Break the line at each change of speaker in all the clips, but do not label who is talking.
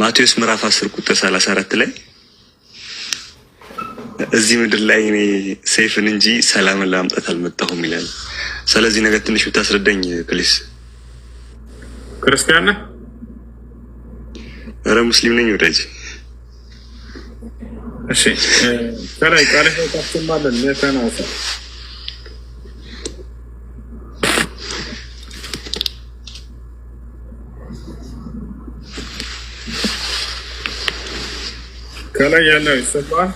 ማቴዎስ ምዕራፍ 10 ቁጥር 34 ላይ እዚህ ምድር ላይ እኔ ሰይፍን እንጂ ሰላምን ለማምጣት አልመጣሁም ይላል። ስለዚህ ነገር ትንሽ ብታስረዳኝ ፕሊስ። ክርስቲያን ነህ? ኧረ ሙስሊም ነኝ ወዳጅ።
እሺ ከላይ ቃል ታስማለን ከላይ ያለው ይሰማል።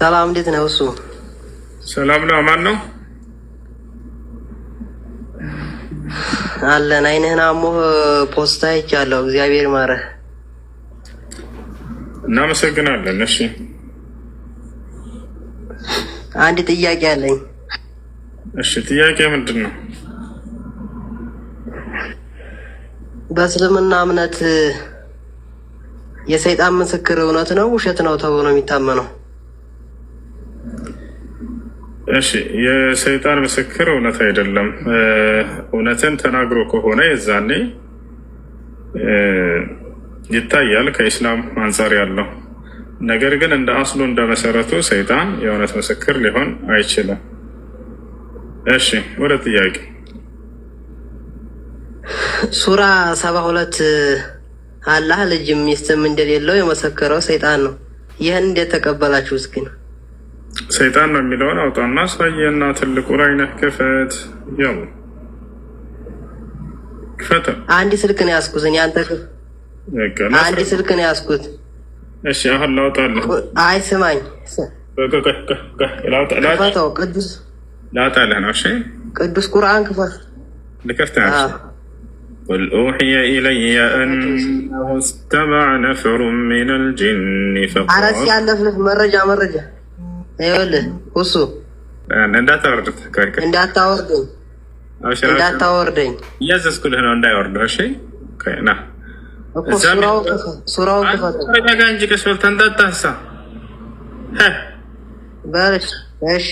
ሰላም እንዴት ነው? እሱ
ሰላም ነው። አማን ነው
አለን። አይንህን አሞህ ፖስታ ይቻለሁ። እግዚአብሔር ማረህ።
እናመሰግናለን። እሺ
አንድ ጥያቄ አለኝ።
እሺ ጥያቄ ምንድን ነው?
በእስልምና እምነት የሰይጣን ምስክር እውነት ነው ውሸት ነው ተብሎ ነው የሚታመነው?
እሺ የሰይጣን ምስክር እውነት አይደለም። እውነትን ተናግሮ ከሆነ የዛኔ ይታያል ከኢስላም አንጻር ያለው ነገር ግን እንደ አስሉ እንደ መሰረቱ ሰይጣን የእውነት ምስክር ሊሆን አይችልም። እሺ ወደ ጥያቄ
ሱራ ሰባ ሁለት አላህ ልጅም ሚስትም እንደሌለው የመሰከረው ሰይጣን ነው። ይህን እንዴት ተቀበላችሁ? እስኪ
ሰይጣን ነው የሚለውን አውጣና ሳየና ትልቁ ላይ ነህ ክፈት። ያው ክፈት።
አንድ ስልክ ነው ያዝኩት እኔ አንተ አንድ ስልክ ነው ያስኩት።
እሺ አሁን ላውጣልህ። አይ ስማኝ፣ ቅዱስ ላውጣልህ ነው። እሺ
ቅዱስ ቁርአን ክፈት።
ልከፍት قل أوحي إلي أنه استمع نفر من الجن فقالوا
አራስ ያለፍንህ መረጃ መረጃ ይኸውልህ እሱ እንዳታወርድ እንዳታወርደኝ እንዳታወርደኝ
እያዘዝኩልህ ነው እንዳይወርደው። እሺ ና ሱራው ክፈት እንጂ ከስበልታ እንዳታሳ
በል እሺ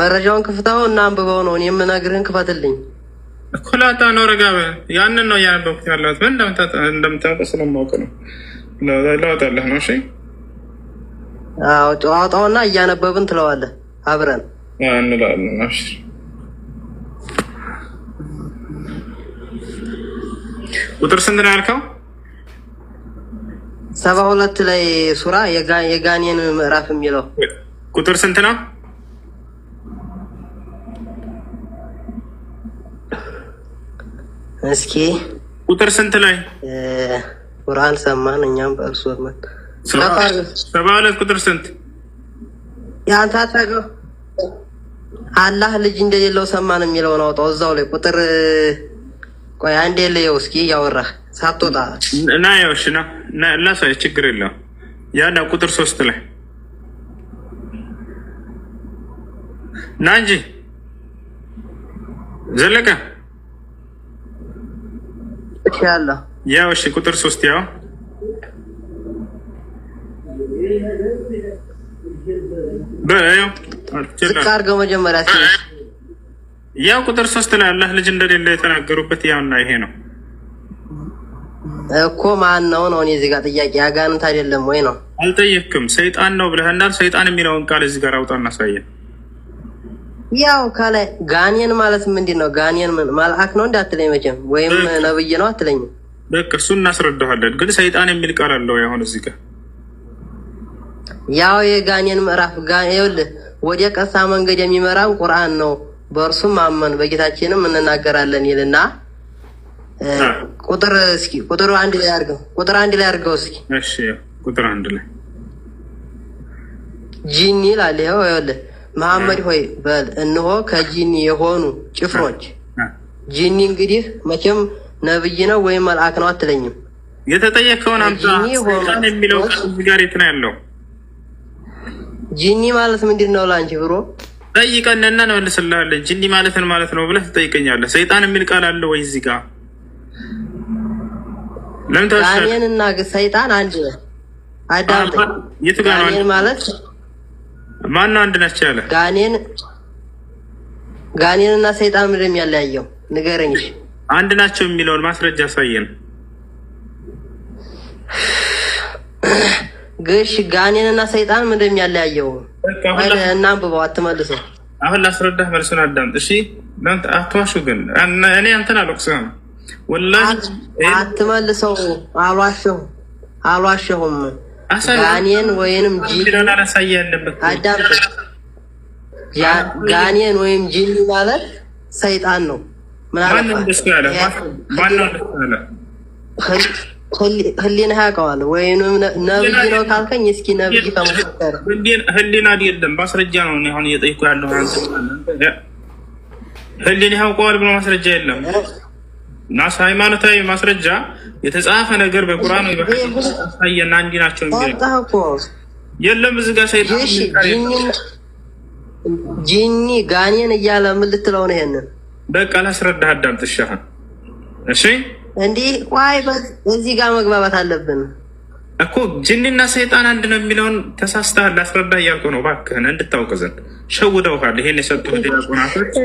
መረጃውን ክፍታው እና አንብበው ነው እኔ የምነግርህን። ክፈትልኝ።
ኮላታ ነው ረጋበ ያንን ነው እያነበብኩት ያለሁት። እንደምታውቀው ስለማውቅ ነው። ለወጣለህ ነው። እሺ
ጨዋጣውና እያነበብን ትለዋለህ አብረን
እንላለን። እሺ ቁጥር ስንት ነው ያልከው?
ሰባ ሁለት ላይ ሱራ የጋኔን ምዕራፍ የሚለው ቁጥር ስንት ነው? እስኪ
ቁጥር ስንት ላይ
ቁርአን ሰማን እኛም በእርሱ መት
ሰባ ሁለት ቁጥር ስንት
ያልታጠቀው አላህ ልጅ እንደሌለው ሰማን የሚለውን አውጣው እዛው ላይ ቁጥር ቆይ አንዴ ለየው እስኪ እያወራ ሳትወጣ
እና ያውሽ ነው እና ሰው ችግር የለው ያና ቁጥር ሶስት ላይ ና እንጂ ዘለቀ ያው እሺ፣ ቁጥር ሶስት ያው
አድርገው መጀመሪያ
ያው ቁጥር ሶስት ላይ አላህ ልጅ እንደሌለ የተናገሩበት ያውና ይሄ ነው
እኮ። ማን ነው ነው? እኔ እዚህ ጋር ጥያቄ አጋንንት አይደለም ወይ ነው?
አልጠየቅክም። ሰይጣን ነው ብለህናል። ሰይጣን የሚለውን ቃል እዚህ ጋር አውጣ እናሳየን።
ያው ካለ ጋኔን ማለት ምንድን ነው? ጋኔን መልአክ ነው እንዳትለኝ መቼም፣ ወይም ነብይ ነው አትለኝም።
በቃ እሱ እናስረዳሃለን። ግን ሰይጣን የሚል ቃል አለው። አሁን እዚህ ጋር
ያው የጋኔን ምዕራፍ ይኸውልህ፣ ወደ ቀሳ መንገድ የሚመራን ቁርአን ነው፣ በእርሱም ማመን በጌታችንም እንናገራለን ይልና ቁጥር እስኪ ቁጥር አንድ ላይ አድርገው፣ ቁጥር አንድ ላይ አድርገው እስኪ።
እሺ ቁጥር አንድ ላይ
ጂኒ ይላል። ይኸው ይኸውልህ መሐመድ ሆይ በል እንሆ ከጂኒ የሆኑ ጭፍሮች። ጂኒ እንግዲህ መቼም ነብይ ነው ወይም መልአክ ነው አትለኝም።
የተጠየቀውን አምጣ የሚለው እዚህ ጋር የት ነው ያለው?
ጂኒ ማለት ምንድን ነው? ለአንቺ ብሮ
ጠይቀን እና እንመልስልሃለን። ጂኒ ማለትን ማለት ነው ብለህ ትጠይቀኛለህ። ሰይጣን የሚል ቃል አለ ወይ እዚህ ጋር?
ለምን ተወሰነ? ዳንኤል እና ሰይጣን አንድ ነው። አዳምጠኝ።
ዳንኤል ማለት ማነው አንድ ነች ያለ?
ጋኔን ጋኔን እና ሰይጣን ምንድን ነው የሚያለያየው? ንገረኝ።
አንድ ናቸው የሚለውን ማስረጃ አሳየን።
ግሽ ጋኔን እና ሰይጣን ምንድን ነው የሚያለያየው? እና አንብበው አትመልሰው።
አሁን ላስረዳህ፣ መልሱን አዳምጥ። እሺ አትዋሹ። ግን እኔ አንተን አልወቅስህም፣
ወላሂ አትመልሰው። አልዋሸሁም አልዋሸሁም ጋኔን ወይንም አዳም ጋኔን ወይም ጂኒ ማለት ሰይጣን ነው። ህሊና ያውቀዋል ወይም ነብይ ነው ካልከኝ፣ እስኪ ነብይ ተመሰከረ።
ህሊና አይደለም ማስረጃ ነው። እኔ አሁን እየጠየኩ ያለሁ ህሊና ያውቀዋል ብሎ ማስረጃ የለም። ናስ ሃይማኖታዊ ማስረጃ የተጻፈ ነገር በቁርአን ወይ በሐዲስ አሳየና እንዲህ ናቸው የለም። እዚህ ጋር ሰይጣን
ጂኒ ጋኔን እያለ ምን ልትለው ነው? ይሄንን
በቃ ላስረዳህ፣ አዳምጥ። እሺ
እንዲህ ዋይ እዚህ ጋር መግባባት አለብን
እኮ ጂኒና ሰይጣን አንድ ነው የሚለውን ተሳስተሃል። ላስረዳህ እያልኩ ነው፣ እባክህን እንድታውቅ ዘንድ ሸውደውሃል። ይሄን የሰጡህ ዲያቆናቶች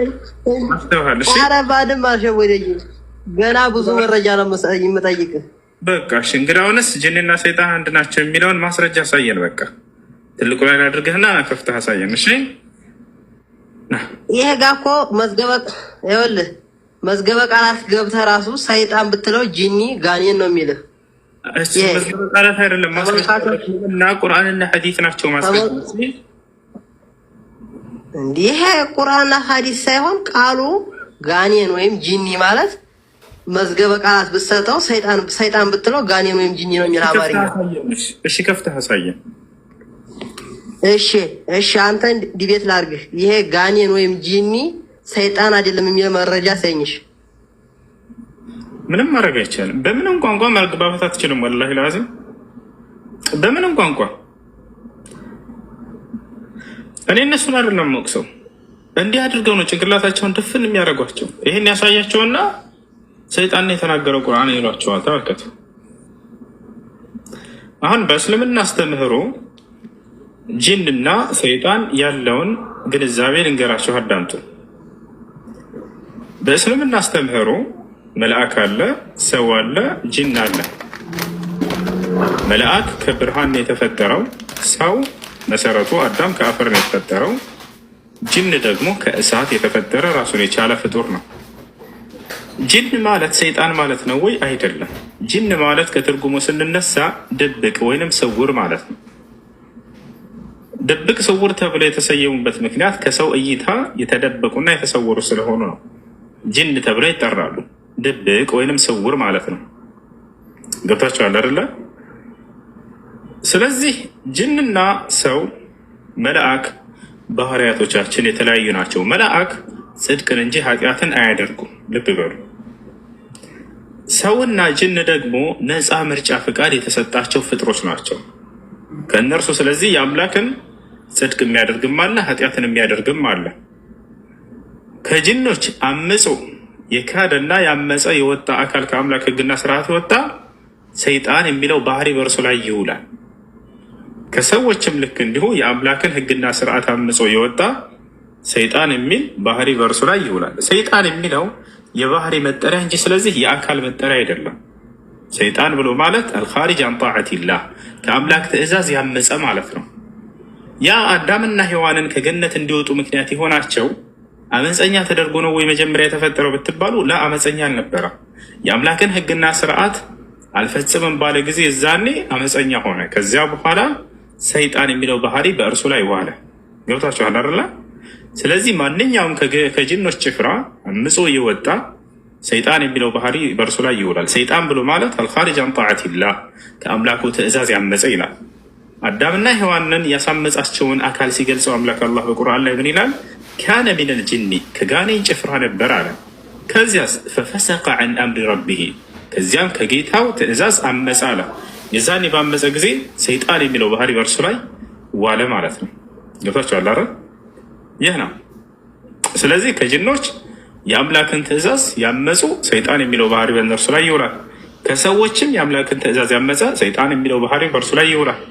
ማስተውሃል። እሺ ኧረ ባድም አልሸወደኝም ገና ብዙ መረጃ ነው የምጠይቅ።
በቃ እሺ፣ እንግዲያውንስ ጅንና ሰይጣን አንድ ናቸው የሚለውን ማስረጃ አሳየን። በቃ ትልቁ ላይ አድርገህና ከፍተህ አሳየን። እሺ፣
ይሄ ጋ እኮ መዝገበ ይኸውልህ፣ መዝገበ ቃላት ገብተህ ራሱ ሰይጣን ብትለው ጂኒ ጋኔን ነው የሚልህ።
መዝገበ ቃላት አይደለም ማስረጃና ቁርአንና ሐዲስ ናቸው ማስረጃ
እንዲህ ቁርአንና ሐዲስ ሳይሆን ቃሉ ጋኔን ወይም ጂኒ ማለት መዝገበ ቃላት ብትሰጠው ሰይጣን ብትለው ጋኔን ወይም ጅኒ ነው የሚል አማርኛ።
እሺ ከፍተህ አሳየን።
እሺ እሺ፣ አንተ ዲቤት ላርግህ። ይሄ ጋኔን ወይም ጂኒ ሰይጣን አይደለም የሚል መረጃ ሰኝሽ።
ምንም ማድረግ አይቻልም። በምንም ቋንቋ መግባባት አትችልም። ወላሂ ለአዜም በምንም ቋንቋ እኔ እነሱን አይደለም መውቅሰው፣ እንዲህ አድርገው ነው ጭንቅላታቸውን ድፍን የሚያደርጓቸው። ይህን ያሳያቸውና ሰይጣን የተናገረው ቁርአን ይሏቸዋል። ተመልከቱ። አሁን በእስልምና አስተምህሮ ጂንና ሰይጣን ያለውን ግንዛቤ ልንገራቸው፣ አዳምጡ። በእስልምና አስተምህሮ መልአክ አለ፣ ሰው አለ፣ ጂን አለ። መልአክ ከብርሃን የተፈጠረው፣ ሰው መሰረቱ አዳም ከአፈር ነው የተፈጠረው፣ ጂን ደግሞ ከእሳት የተፈጠረ ራሱን የቻለ ፍጡር ነው። ጅን ማለት ሰይጣን ማለት ነው ወይ? አይደለም። ጅን ማለት ከትርጉሙ ስንነሳ ድብቅ ወይንም ስውር ማለት ነው። ድብቅ ስውር ተብሎ የተሰየሙበት ምክንያት ከሰው እይታ የተደበቁና የተሰወሩ ስለሆኑ ነው። ጅን ተብሎ ይጠራሉ። ድብቅ ወይንም ስውር ማለት ነው። ገብታችኋል አይደለ? ስለዚህ ጅንና ሰው፣ መልአክ ባህሪያቶቻችን የተለያዩ ናቸው። መላእክ ጽድቅን እንጂ ኃጢአትን አያደርጉም። ልብ በሉ። ሰውና ጅን ደግሞ ነፃ ምርጫ ፍቃድ የተሰጣቸው ፍጥሮች ናቸው ከእነርሱ። ስለዚህ የአምላክን ጽድቅ የሚያደርግም አለ፣ ኃጢአትን የሚያደርግም አለ። ከጅኖች አምፁ የካደና ያመፀ የወጣ አካል ከአምላክ ሕግና ስርዓት የወጣ ሰይጣን የሚለው ባህሪ በእርሱ ላይ ይውላል። ከሰዎችም ልክ እንዲሁ የአምላክን ሕግና ስርዓት አምፆ የወጣ ሰይጣን የሚል ባህሪ በእርሱ ላይ ይውላል። ሰይጣን የሚለው የባህሪ መጠሪያ እንጂ ስለዚህ የአካል መጠሪያ አይደለም። ሰይጣን ብሎ ማለት አልኻሪጅ አን ጣዓቲላህ ከአምላክ ትእዛዝ ያመፀ ማለት ነው። ያ አዳምና ሔዋንን ከገነት እንዲወጡ ምክንያት የሆናቸው አመፀኛ ተደርጎ ነው ወይ መጀመሪያ የተፈጠረው ብትባሉ ላ አመፀኛ አልነበረ። የአምላክን ህግና ስርዓት አልፈጽምም ባለ ጊዜ እዛኔ አመፀኛ ሆነ። ከዚያ በኋላ ሰይጣን የሚለው ባህሪ በእርሱ ላይ ዋለ። ገብታችኋል አይደል? ስለዚህ ማንኛውም ከጅኖች ጭፍራ አምጾ የወጣ ሰይጣን የሚለው ባህሪ በእርሱ ላይ ይውላል። ሰይጣን ብሎ ማለት አልካሪጅ አን ከአምላኩ ትእዛዝ ያመፀ ይላል። አዳምና ሔዋንን ያሳመጻቸውን አካል ሲገልጸው አምላክ አላህ በቁርአን ላይ ምን ይላል? ካነ ሚነል ጅኒ ከጋኔን ጭፍራ ነበር አለ። ከዚያ ፈፈሰቀ ዐን አምሪ ረቢሂ ከዚያም ከጌታው ትእዛዝ አመፀ አለ። የዛኔ ባመፀ ጊዜ ሰይጣን የሚለው ባህሪ በእርሱ ላይ ዋለ ማለት ነው። ገብታችኋል? ይህ ነው። ስለዚህ ከጅኖች የአምላክን ትእዛዝ ያመፁ ሰይጣን የሚለው ባህሪ በእነርሱ ላይ ይውላል። ከሰዎችም የአምላክን ትእዛዝ ያመፀ ሰይጣን የሚለው ባህሪ በእርሱ ላይ ይውላል።